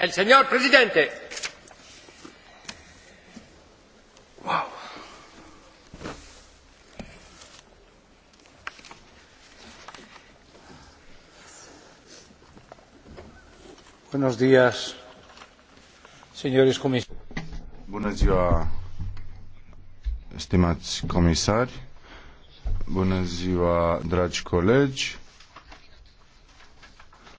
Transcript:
El señor presidente. Wow. Buenos días, señores comisarios. Bună ziua, stimați comisari. Bună ziua, dragi colegi.